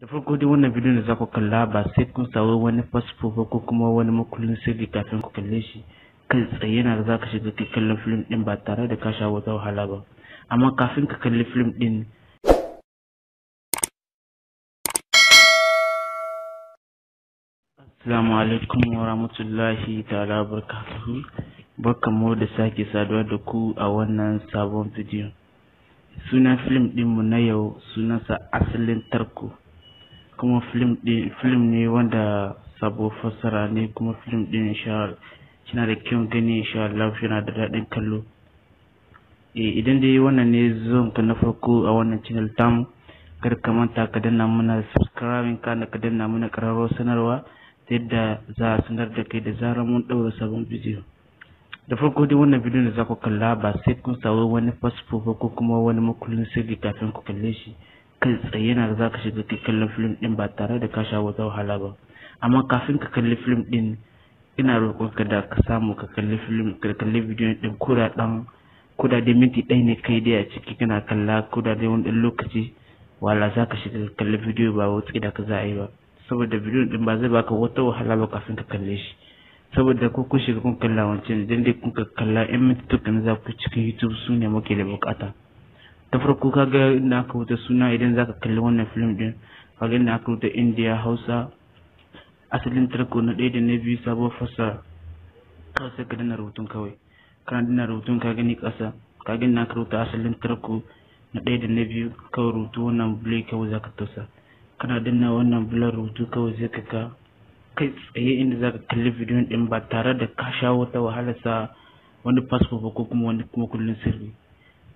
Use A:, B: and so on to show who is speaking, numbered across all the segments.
A: da farko dai wannan bidiyon da za ku kalla ba sai kun samu wani fasfo ba ko kuma wani makullin sirri kafin ku kalle shi kai tsaye yana da za ka shiga kai kallon film din ba tare da kasha wata wahala ba amma kafin ka kalli film din Assalamu alaikum wa rahmatullahi ta'ala barakatuhu mu da sake saduwa da ku a wannan sabon bidiyon sunan film mu na yau sunansa asalin tarko kuma film ne wanda sabo fassara ne kuma film din insha yana da kyan gani insha Allah na da daɗin kallo eh, idan dai wannan ne zan ka na farko a wannan channel tam kar ka manta ka danna muna subscribing ka na ka danna muna kararrawar sanarwa yadda za a sanar da kai da zarar mun ɗaura sabon bidiyo da farko dai wannan bidiyon da za ku kalla ba sai kun sauri wani fasfo ba ko kuma wani makullin sirri kafin ku kalle shi kai tsaye yana da zaka shiga ka kallon film din ba tare da ka sha wata wahala ba amma kafin ka kalli film din ina roƙon ka da ka samu ka kalli film ka kalli bidiyon din koda dan koda dai minti ɗaya ne kai dai a ciki kana kalla koda dai wani ɗan lokaci wala za ka shiga kalli bidiyo ba wata da ka za a yi ba saboda bidiyon din ba zai baka wata wahala ba kafin ka kalle shi saboda ko kun shiga kun kalla wancan dan dai kun kalla minti mintukan za ku cikin youtube su ne muke da bukata ta farko ga inda aka wuta suna idan zaka kalli wannan film din ga inda aka wuta india hausa asalin tarko na ɗaya da na biyu sabuwar fasa kawai sai ka dana rubutun kawai kana dana rubutun ka gani ƙasa ka gani na karauta asalin tarko na ɗaya da na biyu kawai rubutu wannan bulai kawai za ka tausa kana danna wannan bulan rubutu kawai sai ka kai tsaye inda za ka kalli bidiyon ɗin ba tare da ka sha wata wahala sa wani fasfo ba ko kuma wani kuma kullum sirri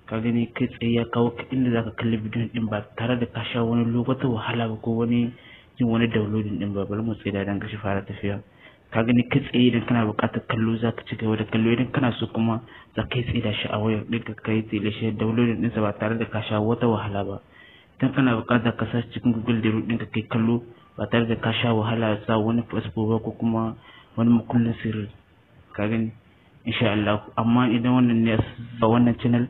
A: ka gani kai tsaye ya kawo inda zaka kalli bidiyon din ba tare da ka sha wani lokacin wahala ba ko wani yin wani downloading din ba bari mu tsaye da dan gashi fara tafiya ka gani kai tsaye idan kana buƙatar kallo zaka ci gaba da kallo idan kana so kuma za ka yi tsaye da shi a wayar din ka kai tsaye da shi downloading sa ba tare da ka sha wata wahala ba idan kana bukatar ka sa cikin google da ka kai kallo ba tare da ka sha wahala sa wani fasfo ba ko kuma wani makullin sirri ka gani insha Allah amma idan wannan ne a wannan channel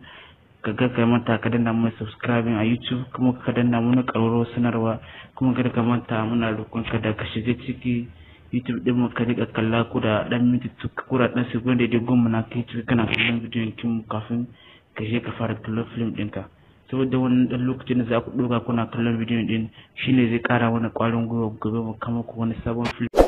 A: kaga ka manta ka danna mana subscribing a YouTube kuma ka danna mu karoro sanarwa kuma kada ka manta muna roƙon ka da ka shiga ciki YouTube din mu ka riga kalla ku da dan minti ku kura dan sekunde da goma na kai ciki kana kallon bidiyon kin kafin ka je ka fara kallon film ɗinka saboda wannan dan lokacin da za ku ɗoga kuna kallon bidiyon din shine zai ƙara wani ƙwarin gwiwa gobe mu kama ku wani sabon film